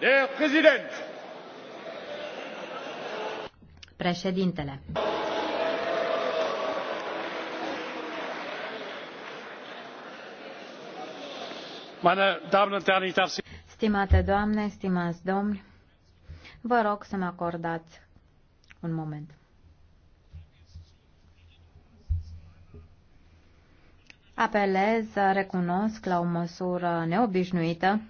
Der Präsident. Președintele. Meine Damen und Herren, ich darf Sie... Stimate doamne, stimați domni, vă rog să-mi acordați un moment. Apelez, recunosc, la o măsură neobișnuită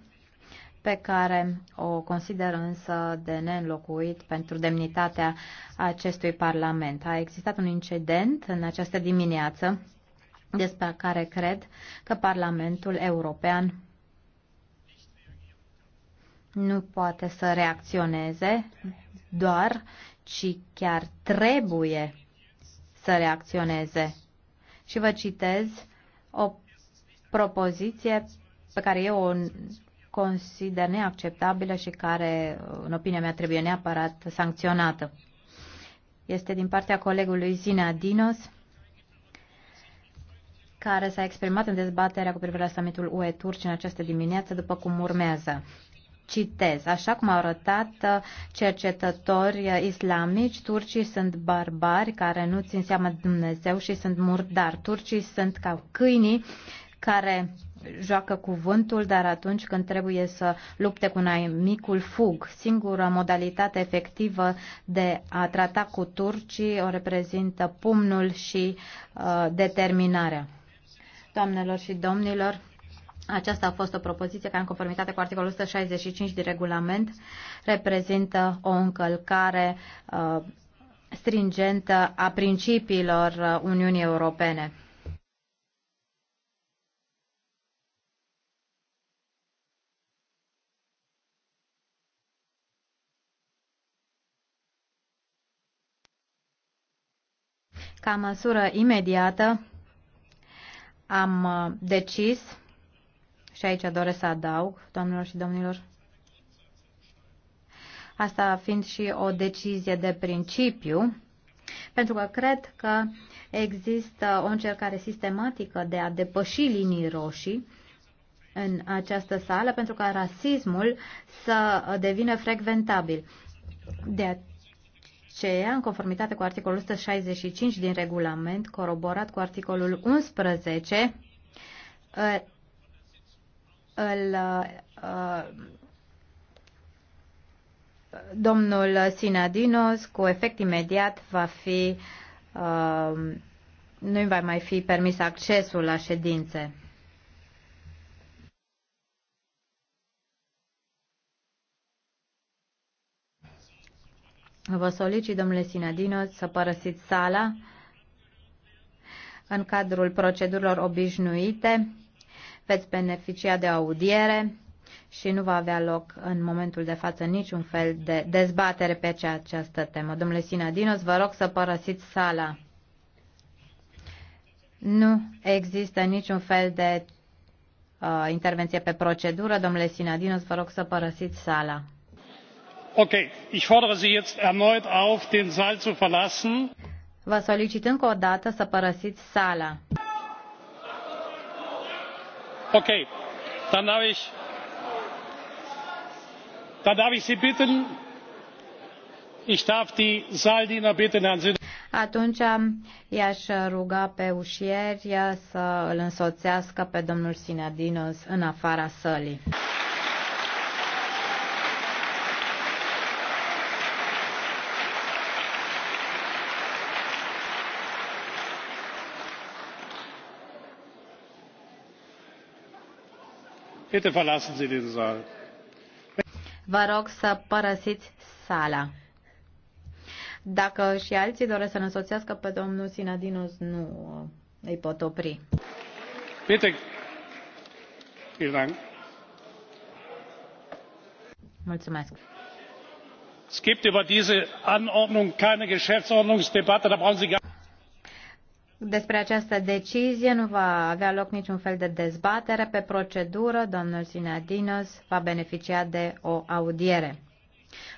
pe care o consider însă de neînlocuit pentru demnitatea acestui Parlament. A existat un incident în această dimineață despre care cred că Parlamentul European nu poate să reacționeze doar, ci chiar trebuie să reacționeze. Și vă citez o propoziție pe care eu o consider neacceptabilă și care, în opinia mea, trebuie neapărat sancționată. Este din partea colegului Zina Dinos, care s-a exprimat în dezbaterea cu privire la summitul UE-Turci în această dimineață, după cum urmează. Citez, așa cum au arătat uh, cercetători uh, islamici, turcii sunt barbari care nu țin seama de Dumnezeu și sunt murdari. Turcii sunt ca câinii care joacă cuvântul, dar atunci când trebuie să lupte cu micul fug. Singura modalitate efectivă de a trata cu turcii o reprezintă pumnul și uh, determinarea. Doamnelor și domnilor, aceasta a fost o propoziție care, în conformitate cu articolul 165 din regulament, reprezintă o încălcare uh, stringentă a principiilor uh, Uniunii Europene. Ca măsură imediată am uh, decis, și aici doresc să adaug, doamnelor și domnilor, asta fiind și o decizie de principiu, pentru că cred că există o încercare sistematică de a depăși linii roșii în această sală pentru ca rasismul să devină frecventabil. De CEA, în conformitate cu articolul 165 din regulament, coroborat cu articolul 11, ă, îl, ă, domnul Sinadinos, cu efect imediat, va fi, ă, nu va mai fi permis accesul la ședințe. Vă solicit, domnule Sinadino, să părăsiți sala în cadrul procedurilor obișnuite. Veți beneficia de audiere și nu va avea loc în momentul de față niciun fel de dezbatere pe această temă. Domnule Sinadinos, vă rog să părăsiți sala. Nu există niciun fel de uh, intervenție pe procedură. Domnule Sinadinos, vă rog să părăsiți sala ich fordere sie jetzt erneut auf den saal zu verlassen. vă solicit încă o dată să părăsiți sala. okay dann darf ich dann darf ich sie bitten ich darf die saaldiener bitten herrn atunci i-aș ruga pe ușieri să îl însoțească pe domnul Sinadinos în afara sălii. Bitte verlassen Sie den Saal. Vă rog să părăsiți sala. Dacă și alții doresc să ne însoțească pe domnul Sinadinos, nu uh, îi pot opri. Bitte. Vielen Mulțumesc. Es gibt über diese Anordnung keine Geschäftsordnungsdebatte, da brauchen Sie gar despre această decizie nu va avea loc niciun fel de dezbatere. Pe procedură, domnul Sinadinos va beneficia de o audiere.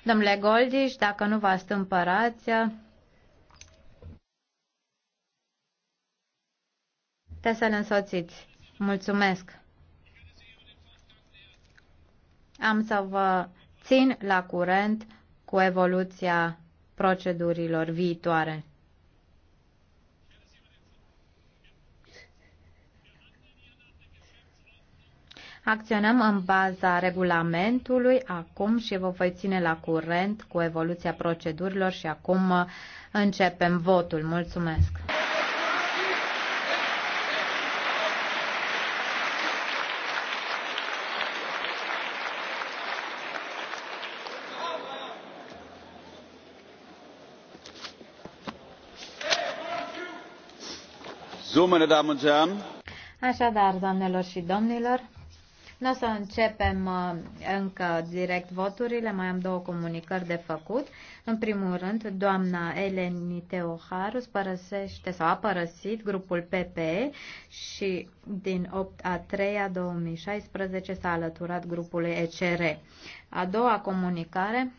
Domnule Goldiș, dacă nu vă stâmpărați, te să-l însoțiți. Mulțumesc! Am să vă țin la curent cu evoluția procedurilor viitoare. Acționăm în baza regulamentului acum și vă voi ține la curent cu evoluția procedurilor și acum uh, începem votul. Mulțumesc! Așadar, doamnelor și domnilor, nu o să începem uh, încă direct voturile, mai am două comunicări de făcut. În primul rând, doamna Eleni Teoharus părăsește sau a părăsit grupul PPE și din 8 a 3 a 2016 s-a alăturat grupului ECR. A doua comunicare